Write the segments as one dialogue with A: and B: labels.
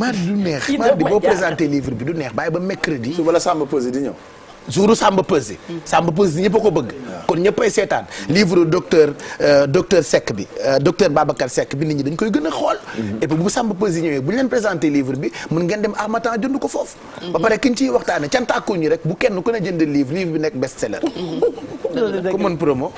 A: mardi du neex bi boo présenté livre bi du neex bàyyi ba mercredi. suba la Samba Peuzé di ñëw. jouru Samba Peuzé. Samba Peuzé ñëpp a ko bëgg. kon ñëpp seetaan. livre docteur euh, docteur Seck bi euh, docteur Babacar sekk bi nit ñi dañ koy gën a xool. Mm-hmm. et puis bu Samba Peuzé ñëwee bu leen présenté livre bi mun ngeen dem Harmattan jënd ko foofu. Mm-hmm. ba pare ki ñu ciy waxtaanee cantaako ñu rek bu kenn ku ne jënd livre livre bi nekk best seller. ku mën promo.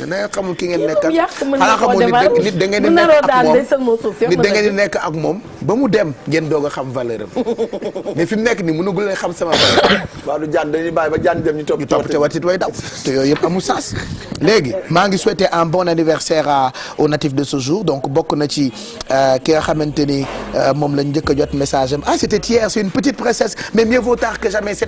A: da nga xamul ki ngeen nekkal xanaa xamul nit da ngeen di nekk ak moom nit da nekk ak moom ba mu dem ngeen doog a xam valeur am mais fi mu nekk nii mënagul leen xam sama valeur. waaw du jaan dem ñu topp te watit way daw te yooyu yëpp amul sens. léegi maa ngi souhaiter un bon anniversaire à natif de ce jour donc bokk na ci euh, ki nga xamante ni euh, moom lañ njëkk jot message ah c' était une petite princesse mais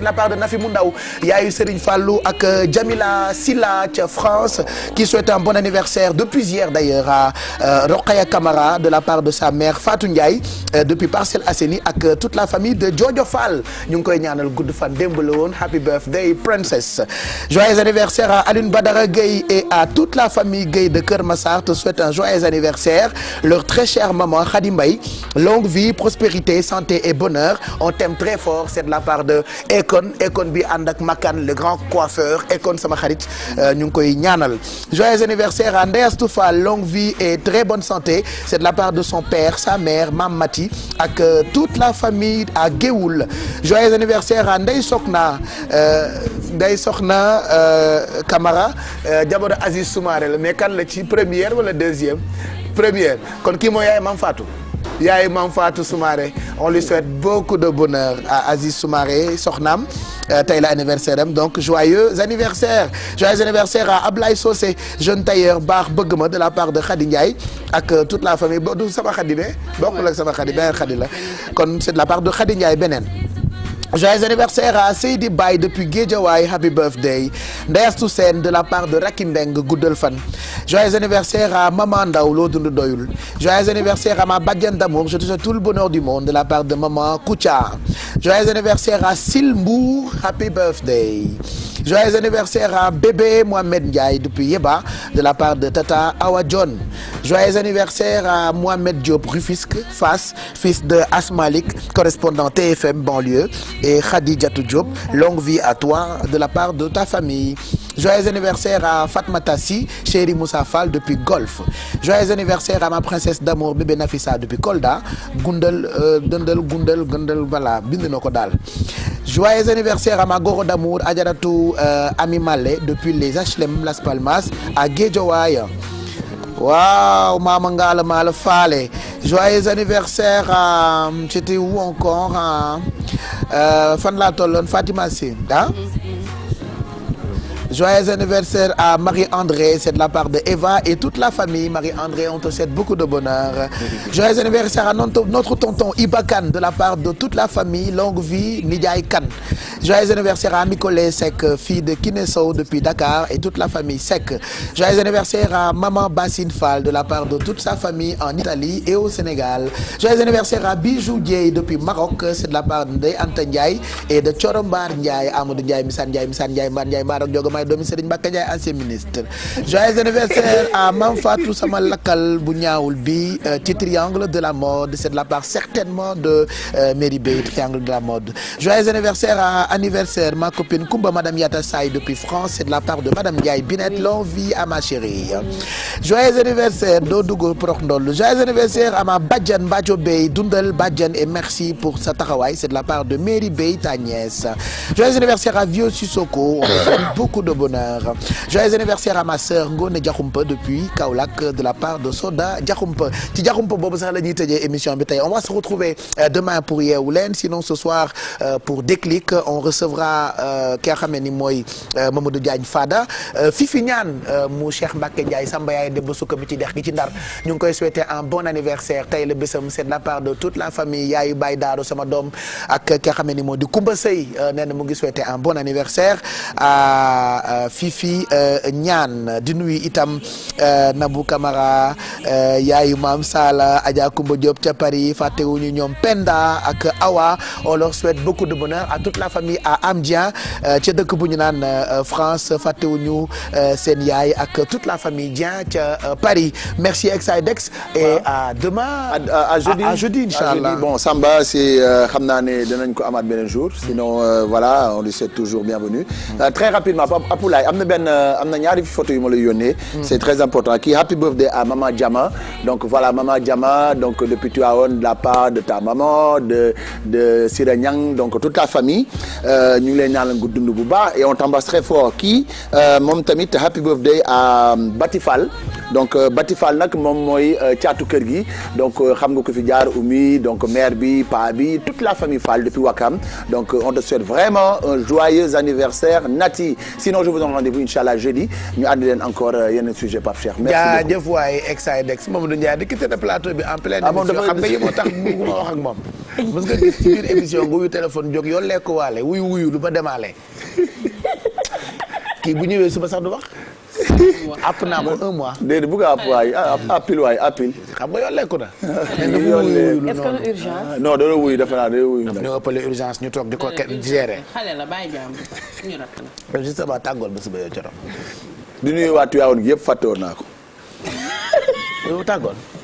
A: la part de Nafi Mu Ndaw yaayu Serigne Fallou euh, Jamila Silla ca France qui souhaite un bon anniversaire depuis hier d'ailleurs à euh, Rokhaya Kamara de la part de sa mère Fatou Ndiaye euh, depuis Parcelles Assainies ak euh, toute la famille de Jojo Fall ñu ngi koy ñaanal gudd fan démb la woon happy birthday princess joyeux anniversaire à Alioune Badara Gueye et à toute la famille Gueye de Kër Massar te souhaite un joyeux anniversaire leur très chère maman Khady longue vie prospérité santé et bonheur on t'aime très fort c'est de la part de Ekon Ekon bi ànd ak koy ñaanal joyeux anniversaire à Ndeye Astou longue vie et très bonne santé c'est de la part de son père sa mère Mam Mati ak euh, toute la famille à Géoul joyeux anniversaire à Ndeye Sokna euh, Ndeye Sokna euh, Camara jabaru Aziz Soumaré la mais kan la ci première wala deuxième première kon kii mooy yaay Mam Fatou yaay Mame Fatou Soumaré on lui souhaite beaucoup de bonheur à Aziz Soumaré soxnaam euh, tey la anniversaire donc joyeux anniversaire joyeux anniversaire à Ablaye Socé jeune tailleur baax bëgg ma de la part de Khady Ndiaye ak euh, toute la famille du sama Khady be bokkul ak sama Khady beneen la kon c'est de la part de beneen Joyeux anniversaire à Seydi Baye depuis Guédiawaye happy birthday de la part de Rakim anniversaire à Maman loo dund doyul joyeux anniversaire à ma badiane d'amour je tout le bonheur du monde de la part de Maman Koutia joyeux anniversaire à happy birthday joyeux anniversaire à bébé Mohamed Ndiaye depuis Yeba de la part de Tata Awa joyeux anniversaire à Mohamed Diop Rufisque Fass fils de Asmalik correspondant TFM banlieue et Khadijatou Diop longue vie à toi de la part de ta famille joyeux anniversaire à Fatmata Sy chéri Moussa Fall depuis Golf joyeux anniversaire à ma princesse d'amour bébé Nafissa depuis Kolda Gundel euh, Dëndal Gundel Gundel voilà joyeux anniversaire à ma goro d'amour Ajaratu euh, Ami Malé depuis les HLM Las Palmas à Guédiawaye waaw maama Ngalla maa faale joyeux anniversaire à mm, c'était où encore euh, fan laa tolloon Fatima ah? mm-hmm. Joyeux anniversaire à Marie-André, c'est de la part de Eva et toute la famille. Marie-André, on te souhaite beaucoup de bonheur. Joyeux anniversaire à notre tonton Iba Kane, de la part de toute la famille. Longue vie, Nidjaï Kane. joyeux anniversaire à Nicolas Seck fille de Kiné depuis Dakar et toute la famille Seck joyeux anniversaire à maman Bassine Fall de la part de toute sa famille en Italie et au Sénégal joyeux anniversaire à Bijou Dieye depuis Maroc c'est de la part de Ndeye Anta Ndiaye et de Thioro Mbar Ndiaye Amadou Ndiaye Missane Ndiaye Missane Ndiaye Mbar Ndiaye Mbar ak Diogomaay doomi Serigne ancien ministre joyeux anniversaire à Mam Fatou sama lakkal bu ñaawul bi euh, ci triangle de la mode c'est de la part certainement de euh, de la anniversaire à ma copine Kumba madame Yata Saï depuis France c'est de la part de madame Ndiaye Binette longue à ma chérie joyeux anniversaire Dodougou Prox Ndoll joyeux anniversaire à ma Badjan Badjo Bey dundal Badjan et merci pour sa taxawaay c'est de la part de Mary Bey ta nièce joyeux anniversaire à Vieux Sissoko on fait beaucoup de bonheur joyeux anniversaire à ma sœur Ngone Diakhumpa depuis Kaolack de la part de Soda Diakhumpa ci Diakhumpa boobu sax la ñuy tëjee émission bi tey on va se retrouver euh, on recevra euh, ki nga xam ne ni mooy euh, Mamadou Diagne Fada euh, Fifi ñaan mu Cheikh Mbacke Ndiaye Samba yaay de sukka bi ci dex gi ci ndar ñu ngi koy souhaiter un bon anniversaire tey la bésam c'est de la part de toute la famille yaayu baay Daaro sama doom ak ki nga xam ne ni moo di Kumba Sey nee na mu ngi souhaiter un bon anniversaire à Fifi Niane di nuyu itam Nabou Camara Eh, yaayu maam Sala Adja Koumba Diop ca Paris fàttewuñu ñoom Penda ak Awa on leur souhaite beaucoup de bonheur a toute la famille à Amdien eh, ca dëkk bu ñu naan eh, France fàttewuñu seen yaay ak toute la famille Dieng ca Paris merci Exidex et à demain. à jeudi à jeudi inchallah Samba si euh, xam naa ne dinañ ko amaat beneen jour. sinon euh, voilà on lui souhaite toujours bienvenue. Mm. Euh, très rapidement Pape Apoulaye am na benn am na yu ma lay yónnee. Mm. c'est très important kii happy birthday à Mama Diama. Diama donc voilà maman Diama donc depuis Tivaouane de la part de ta maman de de Sira Niang donc toute la famille euh, ñu ngi lay ñaanal gudd dund bu baax et on t'embrasse très fort kii euh, moom tamit happy birthday à Bati donc euh, Bati Fall nag moom mooy euh, caatu kër gi donc euh, xam nga ko fi jaar umi donc mère bi paa bi toute la famille Fall depuis Wakam donc on te souhaite vraiment un joyeux anniversaire Nati sinon je vous donne rendez-vous allah jeudi ñu ànd leen encore yeneen sujet Pape Cheikh. merci beaucoup jaajëf waay Exidex Mamadou Ndiaye dikkate na plateau bi en pleine ah, émission xam nga yéen a tax bëgguma wax ak moom. parce que gis ci émission nga wuyu téléphone jóg yoon lekk waale wuyu wuyu lu ba demaale kii bu ñëwee suba sax du wax. app naa ko un mois. déedéet bu ko app waay appil xam nga yow lekku na. yow lekku est-ce que urgence. non doo wuyu defe naa doo wuyu. ñu urgence ñu toog di ko gérer. xale la bàyyi jàmm ñu tàngoor ba suba yow corom. di nuyu waa Tivaouane gi yëpp fàtte naa ko. yow tàngoor.